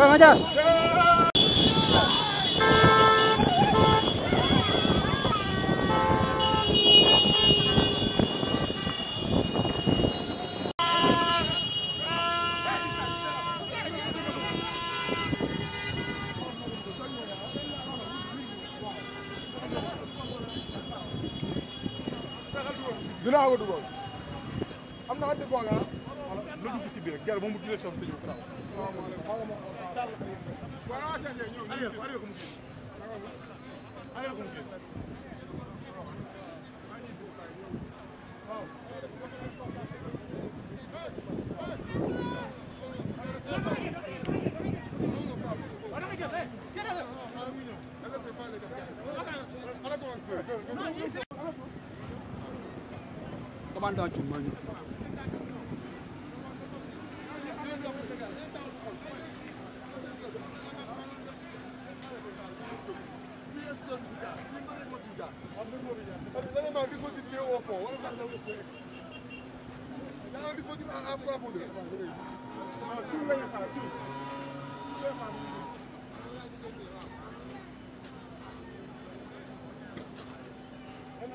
Vai, Mandiado! dinaa ko dugal am na xaj de boole ah. lu dugg si biir gerte moom mu direction commandant Diouf moo ñu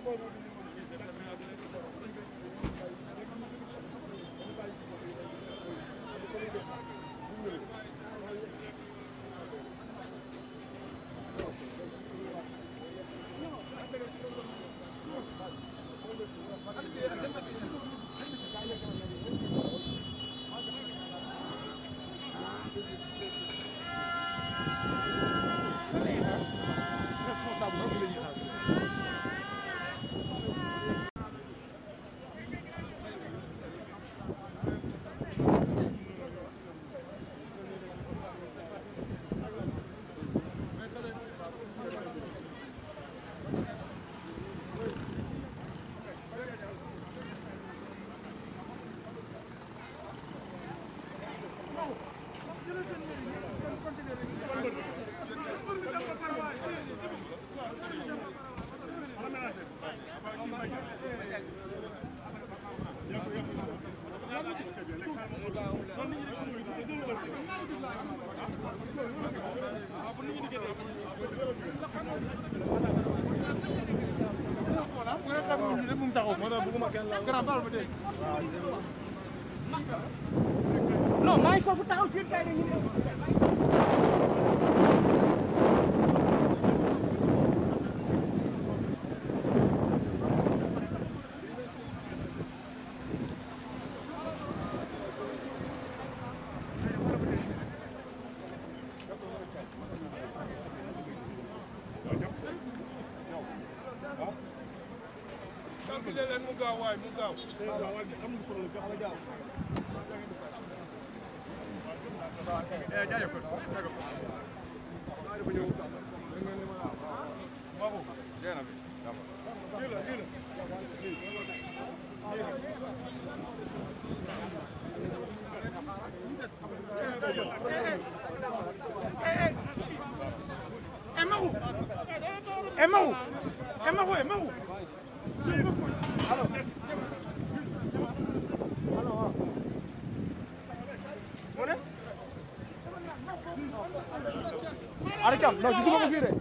Thank you. non maa ngi foofu taxaw waaye mu gaaw Emma, Emma, Emma, Emma. Hello. Arkan, non gisuma ko fii de.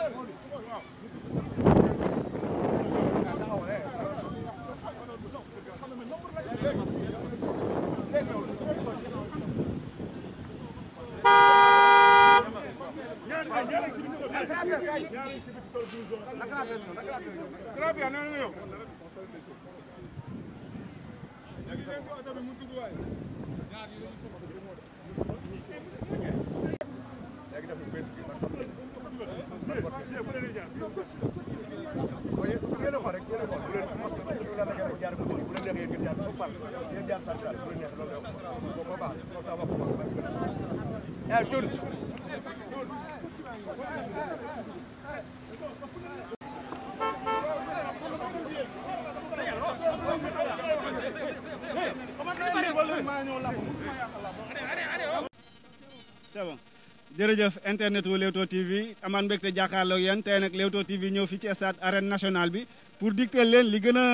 Thank you. lafiya na yau Jun. Jun. jërëjëf internet wu Leewtoo TV amaan mbégte jàkkaarloo yéen tey nag Leewtoo TV ñëw fii ci stade arène nationale bi pour digteel leen li gën a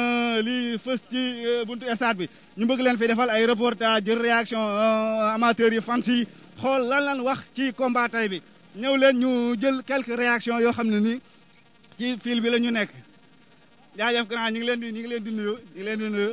li fës ci euh, buntu stade bi ñu bëgg leen fi defal ay reportage jël réaction euh, amateurs yi fans yi xool lan lan wax ci combat bi ñëw leen ñu jël quelques réactions yoo xam ne nii ci fil bi la ñu nekk jaajëf grand ñu ngi leen di ñu ngi leen di nuyu ñu leen di nuyu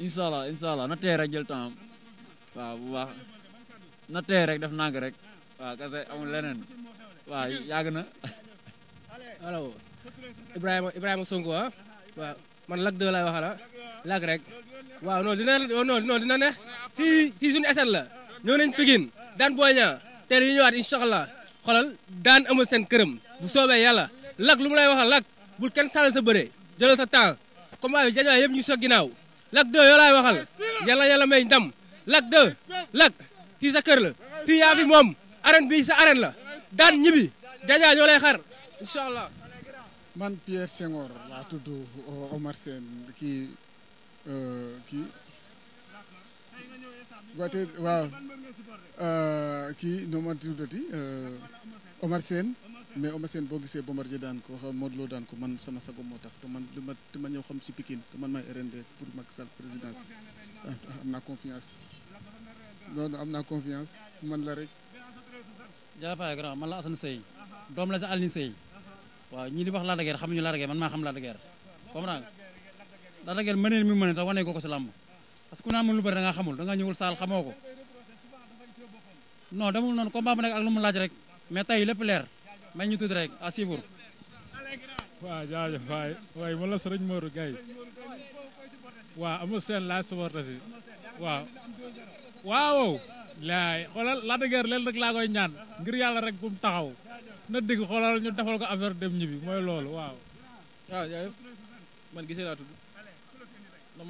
incha allah incha na tee rek jël temps waaw bu na tee rek def nànk rek kase amul leneen waaw yàgg na allo Ibrahima Ibrahima Sonko ah man Lac 2 lay waxala ah. Lac rek waaw non dina oh, non non dina neex fii la ñëw nañ Pikine daan Boy Niang teel yu ñëwaat incha allah xoolal daan amul seen këram bu soobee yàlla Lac lu mu lay waxal Lac bul kenn sàll sa bëre jëlal sa temps combat bi jaajëwaay yëpp ñu ginnaaw Lac 2 yoo laay waxal yàlla yàlla may ndam Lac 2 Lac fii sa kër la fii yaa moom arène bi sa arène la daan ñibbi jaajaa ñoo lay xar incha allah. man Pierre Senghor laa tudd uh, Omar Sène kii uh, kii waaw uh, kii nu ma tuddati Omar Sène mais Eumeu Sène boo gisee Bombardier daan ko xam Modou Lo daan ko man sama sago moo tax te man li ma li ma ñëw xam si Pikine te man maay RND pour Macky Sall présidence ah, am na confiance man la rek. jaafara grand man la Assane Seye doom la si Alioune Seye waaw ñi di wax Lac de Guiers xamuñu Lac de man maa xam Lac de Guiers comprendre nga Lac de Guiers mëneen mi mëneen te wane ko ko si làmb parce que ku naan mën lu bëri danga ngaa xamul da nga ñëwul saal xamoo ko non demul noonu combat bu nekk ak lu mu laaj rek mais tey lépp leer. may ñu tudd rek à suivre. waaw jaajëf waay waay man la sëriñ Modou Gaye waaw amul seen laaj supporté si waaw waaw laay xoolal Lac de Guiers leen rek laa koy ñaan ngir yàlla rek bu mu taxaw na digg xoolal ñu defal ko affaire dem ñibbi mooy lool waaw waaw jaajëf man gisee laa tudd non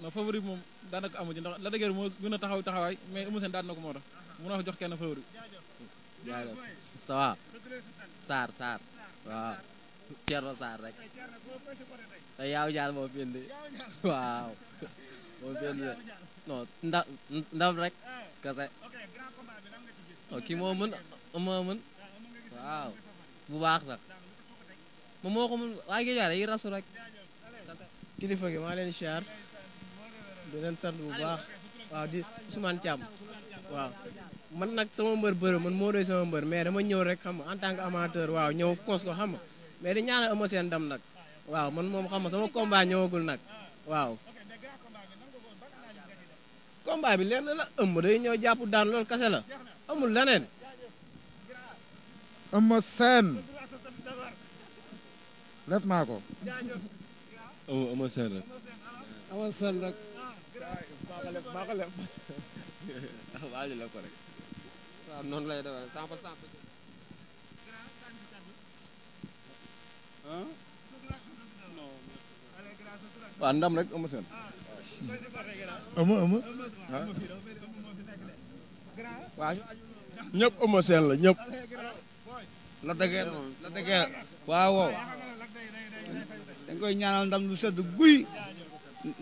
non favori moom daanaka amu ci ndax la dëgër moo gën a taxaw taxawaay mais Eumeu Sène na ko moo tax mun a jox kenn favori jaajëf ça va Sarr Sarr waaw Thierno Sarr rek te yaaw jaar moo fi indi baax sax moom moo ko mën waa Guédiawaye yi rasu rek kilifa gi maa di leen sant bu baax waaw di Ousmane Thiam waaw man nag sama mbër bëre man moo doy sama mbër mais dama ñëw rek xam en tant que amateur waaw ñëw cons ko xam nga mais di ñaanal ama seen ndam nag waaw man moom xam nga sama combat ñëwagul nag waaw combat bi lenn la ëmb ñëw jàpp daan loolu kase la amul leneen ama seen lef naa ama seen rek ko leb maa ko waa ji leb ko rek waaw noonu lay demee cent rek amu la ñëpp la dëgër la dëgër waaw waaw dañ koy ñaanal ndam lu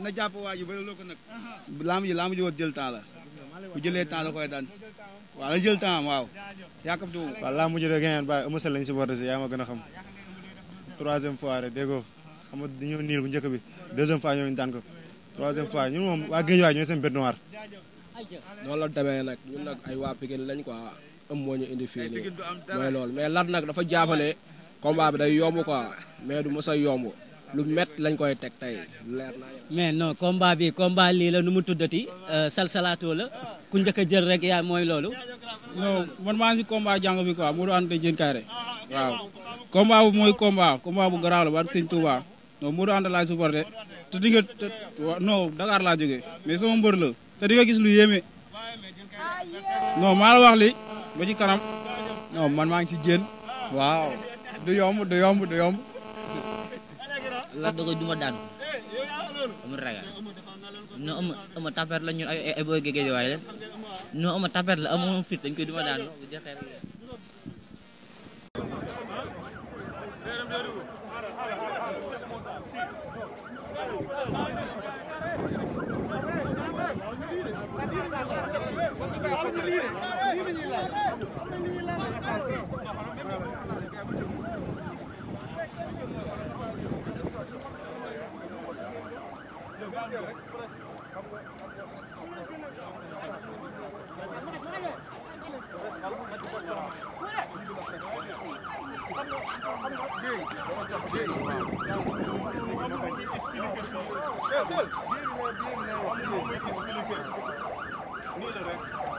na jàpp waa ji bëri loo laamu ji laamu ji war jël temps la bu jëlee temps la koy daan waaw la jël temps waaw yàkkamtu wu. waaw laamu ji de gàncax ba Eumeu Sène a si yaa ma gën a xam troisième fois rek ko xam nga dañoo niil bu njëkk bi deuxième fois ñooñu daan ko troisième fois ñun moom waa géej waay ñooy seen la demee nag ñun nag ay waa Pikine lañ quoi am moo ñu indi fii nii mooy loolu mais Lat nag dafa jàpp ne combat bi day yomb quoi mais du mos a lu met lañ koy teg tey leer na mais non combat bi combat lii la nu mu tuddati euh, salsalaatoo la a jël rek yaa mooy loolu. non man maa ngi si combat jàng bi quoi Modou Anta Diène Kairé waaw combat bu mooy combat combat bu garaaw la ba ak sëñ Touba non Modou Anta laay supporté te di nga Dakar laa jógee mais sama mbër la te di nga gis lu yéeme non maa kanam non man maa ngi si waaw du yomb Lac da duma eh, daan eh, amul ragal non ama ama tapet la ñun ay ay booy géej waaye leen non ama tapet la amoon fit dañ koy duma daan bu Nii la rek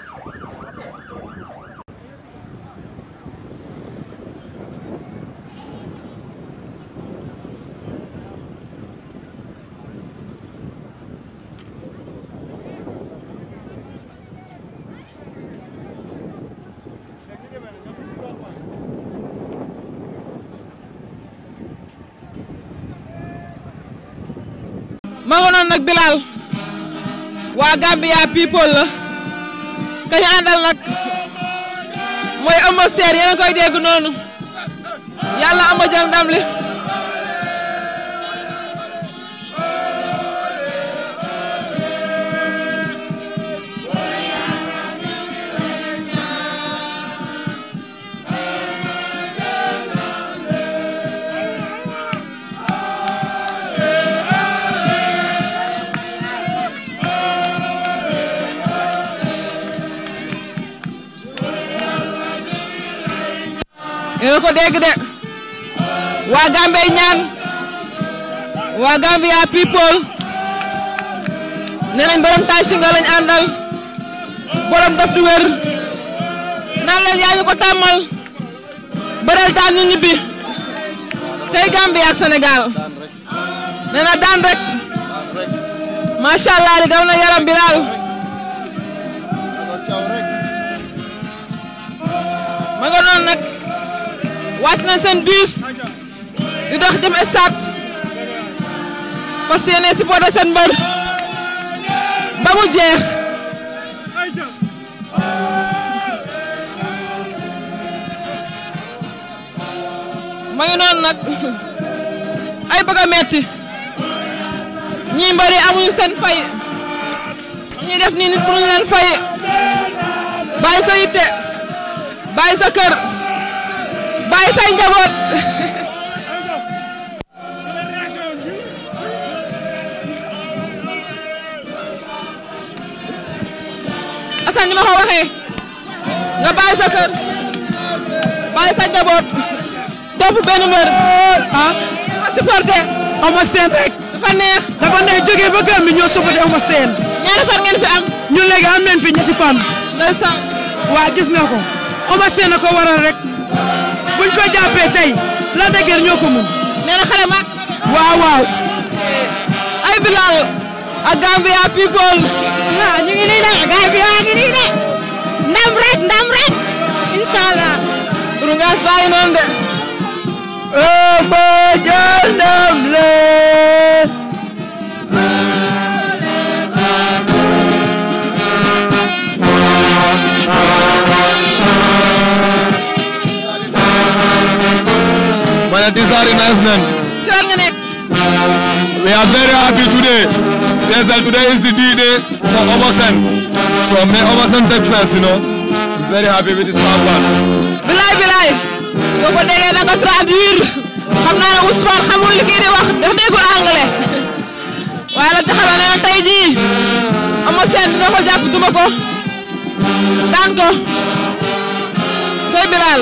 nag Bilal waa Gambia people la kañu àndal nag mooy Eumeu Sène yéen koy dégg noonu yàlla ama jël ndam li dana ko dégg de waa Gambey ñaan waa Gambia people nee nañ borom tay singa lañ àndal borom daf du wér nan leen yaa ñu ko tàmmal bëreel daal ñu ñibbi say Gambia ak Sénégal nee daan rek macha allah na yaram bi na seen bus di dox jëm stade fas yéene supporter seen mbër ba mu jeex noonu nag ay bëgg a metti ñii mbëri amuñu seen fay ñi def nii nit mënuñu leen fay sa yitte bàyyi sa kër bàyyi say njaboot Assane ni ma ko waxee nga bàyyi sa kër bàyyi sa njaboot benn mbër ah ko rek dafa neex dafa neex jógee ba gëm ñoo supporter Eumeu Sène ñaari fan fi am ñu léegi am nañ fi ñetti fan ndeysaan waa gis nga ko Eumeu Sène ko waral rek buñ tey la dëgër ñoo ko mën. nee ay Bilal. ak Gambia people. waaw ñu ngi nii de ndam rek ndam rek. incha allah. Urungaas de. Mbadiane ndam la. nice name. We are very happy today. Special today is the D-Day for Obosen. So may Obosen take first, you know. I'm very happy with this number. Bilay bilay. Soo ko déggee da nga traduire. Xam naa ne Ousmane xamul li kii di wax dafa déggul anglais. Waaye nag taxawal na tey jii. Obosen dina ko jàpp duma ko. Daan ko. Sey Bilal.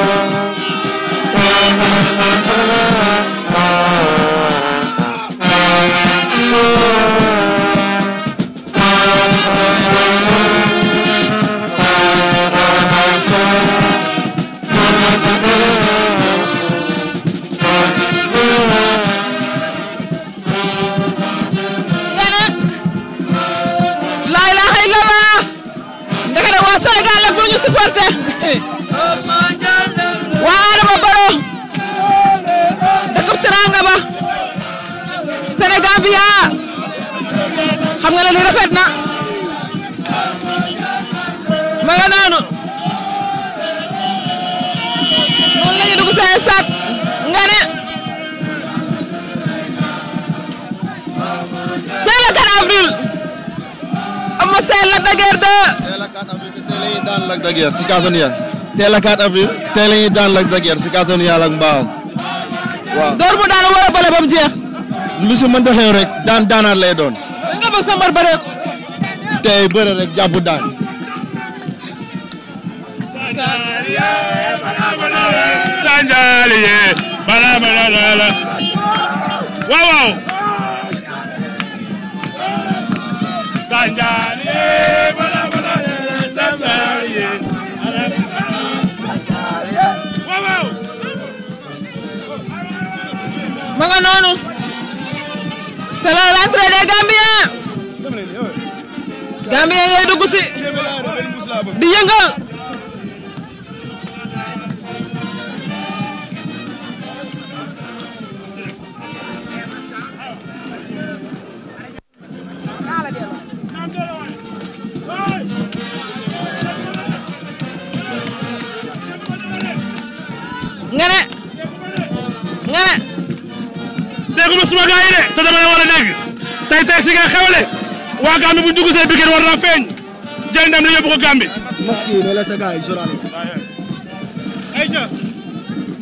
de. teel a 4 avril teel a ñuy daan Lac de Guiers si kàttanu yàlla. teel a a ñuy daan Lac de Guiers si kàttanu yàlla ak ba mu jeex. lu si mën rek daan daanaat lay doon. nga bëgg sa mbar bëree ko. tey bëre rek jàpp daan. sanjaali yee balaa balaa la waaw waaw ma nga noonu c'est l'entrée des Gambiens Gambiens yee dugg si di yëngal nga ne. nga ne. dégguma suma gars de te dama la war a dégg tey tey si nga xewle waa Gambie bu ñu dugg see feeñ jël ndam li yóbbu ko Gambie. maski yi la sa gars yi joraale. ayca.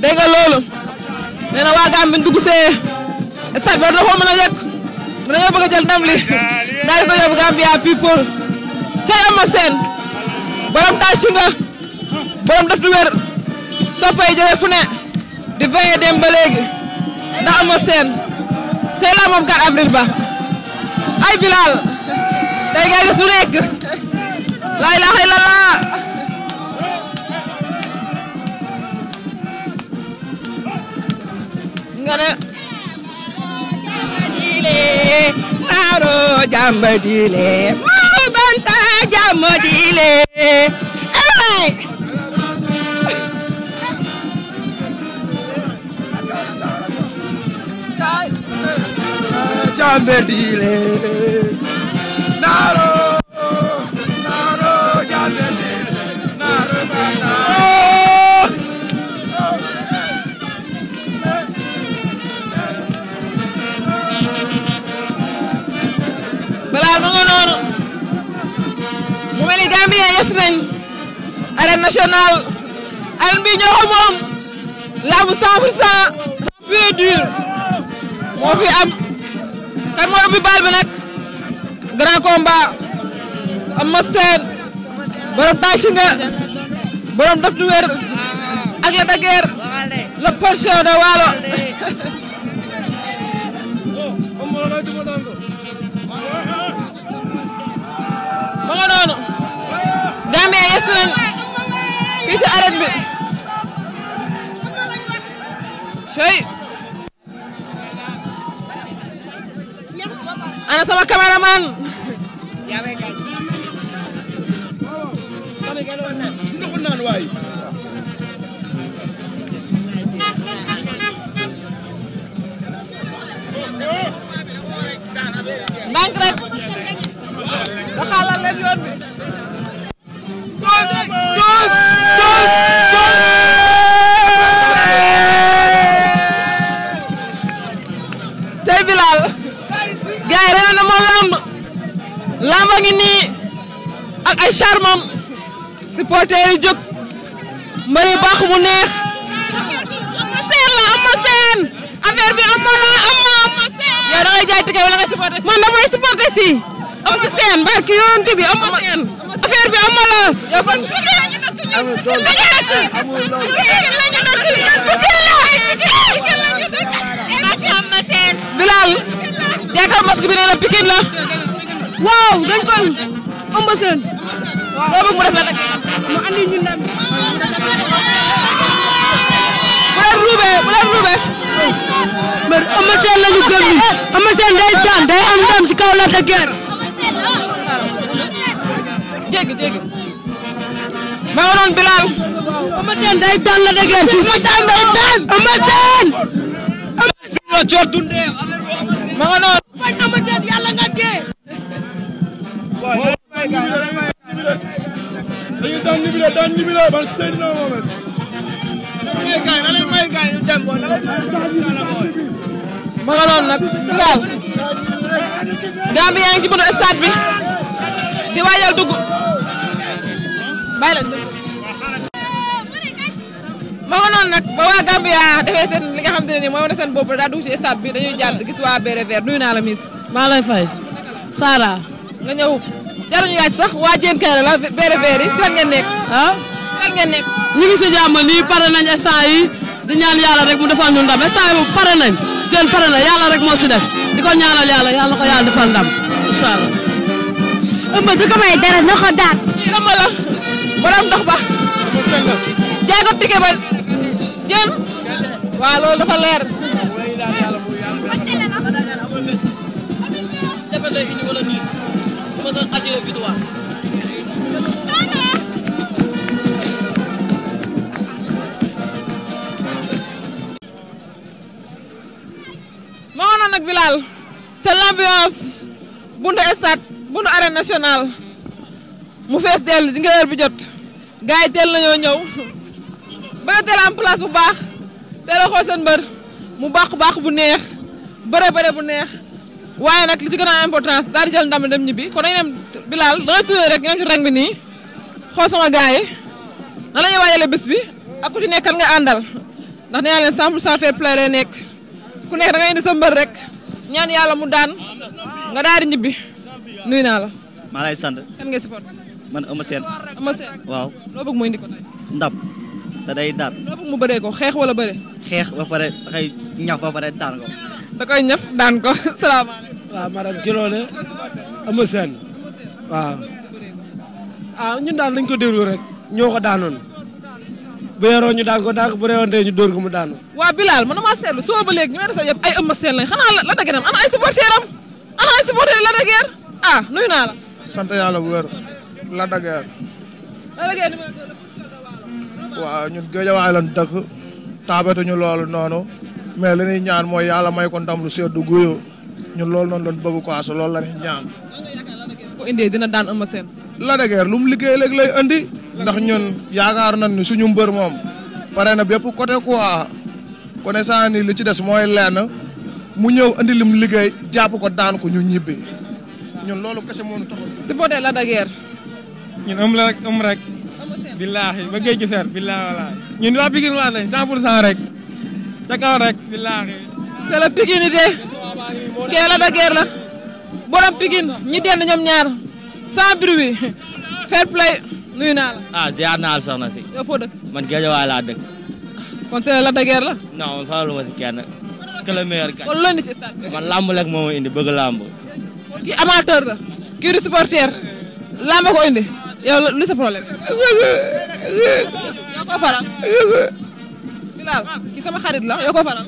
dégg nga loolu. bu ñu dugg see stade bi war na koo mën a yegg dinañoo bëgg a jël ndam li. daal di ko yóbbu Gambia people tey Eumeu Sène borom tàcc nga borom daf du wér soppay jóge fu ne di veillé dem ba léegi ndax Eumeu Sène moom 4 avril ba ay Bilal tey ngay gis lu nekk laa dile maro jàmm dile maro banta jàmm dile ay jàmm dile naro national arène bi ñoo ko moom làmb 100 pour 100 pur dur moo fi am kan moo ubbi bal bi nag grand combat Eumeu Sène borom Taïsinga borom daf du wér ak la daguer le portion de Waalo ma nga noonu Gambia yes nañ kii ci arène bi cey ana sama cameraman ndànk rek da xalal leen yoon bi ay charmam supporter yi jóg mbëri baax mu neex ama seen la ama seen affaire bi ama la ama ama seen yow da ngay jaay ticket wala ngay supporter man damay supporter si ama seen barki yonent bi ama seen affaire bi ama la yow kon amul loolu amul loolu Bilal jaakaar masque bi nee na Pikine la waaw dañ koy ëmb seen loo bëgg mu def la nag mu andi ñu ndam bu leen ruubee bu leen ruubee mbër Eumeu Sène lañu gëm ñu Eumeu Sène day daan day am ndam si kaw Lac de Guiers dégg dégg ma waroon Bilal Eumeu Sène day daan Lac de Guiers si Eumeu Sène day daan Eumeu Sène Eumeu Sène la coor dundee ma nga noonu bañ Eumeu Sène yàlla nga dee ñibbi daan ñibbi de daan ñibbi de barke Seydina Mohamed. may gaay na leen may gaay ñu dem booy na leen may gaay ñu dem booy. ma nga noonu nag Bilal. Gambie yaa ngi ci buntu stade bi. di waajal dugg. bàyyi la dugg. ma nga noonu nag ba waa Gambia defee seen li nga xam te ne nii mooy wane seen bopp daa dugg ci stade bi dañuy jàdd gis waa Béré Vert nuyu naa la miss. maa lay fay. Sara. nga ñëw. jaruñu laaj sax waa Diène Kaïré la beere beere yi fan ah fan ngeen nekk. ngi si jàmm nii pare nañ instant yi di ñaan yàlla rek mu defal ñu ndam instant yi pare nañ jël pare na yàlla rek moo si des di ko ñaanal yàlla yàlla na ko yàlla defal ndam incha allah. ko may dara na ko daat. la borom ndox ba. jaay dafa leer. mën a assuré nag Bilal c'est l'ambiance bundu stade bundu arène nationale mu fees dell di nga heure bi jot gars yi teel nañoo ñëw ba teel am bu baax teel seen mbër mu baax baax bu neex bëre bëre bu neex. waaye nag li ci gën a importance daal di jël ndam dem ñibbi kon dañu dem Bilal dangay tuddee rek ñu dem ci rang bi sama gars yi la ñuy waajale bés bi ak ku ci nekk kan nga àndal ndax nee naa leen 100 pour cent play lay nekk ku nekk da ngay indi rek ñaan yàlla mu daan nga daal di ñibbi nuyu naa la. maa lay sant. kan ngay support. man Eumeu Sène. Eumeu Sène waaw. loo bëgg mu indi ko tey. ndam te day daan. loo mu bëree ko xeex wala bëre. xeex ba pare da koy ñaf ba pare daan ko. da koy waaw madam ci loole Eumeu Sène ah, ñun daal dañ ko déglu rek ñoo ko daanoon bu yoroo ñu daan ko daan bu reewantee ñu dóor ko mu daanu waaw Bilal man damaa seetlu soo ba ñu ne sa la dageeram ana ay supporter am ana la dageer ah nuyu naa la sant yàlla bu wér la dageer la dageer waaw loolu noonu mais li ñuy ñaan mooy yàlla may ko ndam lu seddu guyo ñun loolu noonu lañ bëgg quoi su loolu la ñuy ñaan. ko indee dina daan Eumeu Sène. Lac lu mu liggéey léegi lay andi. ndax ñun yaakaar na ni suñu mbër moom. pare na bépp côté quoi connaissant ni li ci des mooy lenn mu ñëw andi lim liggéey jàpp ko daan ko ñu ñibbi ñun loolu kese moo ñu tax a. supporter Lac de Guiers. ñun am rek am rek. billaahi ba géej fer billaahi wallaahi ñun waa Pikine waa lañ 100 pour rek ca rek billaahi c'est la piginité kee la da guerre la borom Pikine ñi dend ñoom ñaar sans bruit fair play nuyu naa la. ah ziar naa la soxna si. yow foo dëkk. man Guédiawaye laa dëkk. kon c'est la da guerre la. non man faral ma si kenn. que le meilleur gagne. kon loolu ci stade man lamb rek moo ma indi bëgg lamb. kii amateur la. kii du supporter. lamb ko indi. yow lu sa problème. yow koo faral. Bilal kii sama xarit la yow koo faral.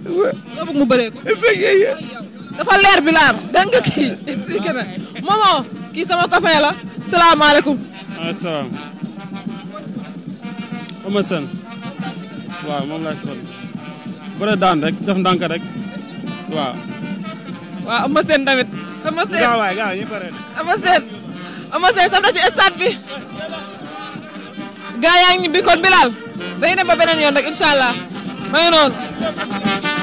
nga bëgg mu bëree ko. dafa leer bi laar kii expliqué na momo kii sama copain la salaamaaleykum. maaleykum salaam. Eumeu Sène. waaw laa si bëri. bëri daan rek def ndànk rek waaw. waaw Eumeu Sène tamit. Eumeu Sène waaw waay bi. gaa yaa ngi ñibbi kon Bilal dañuy ba beneen yoon rek incha allah ma ngi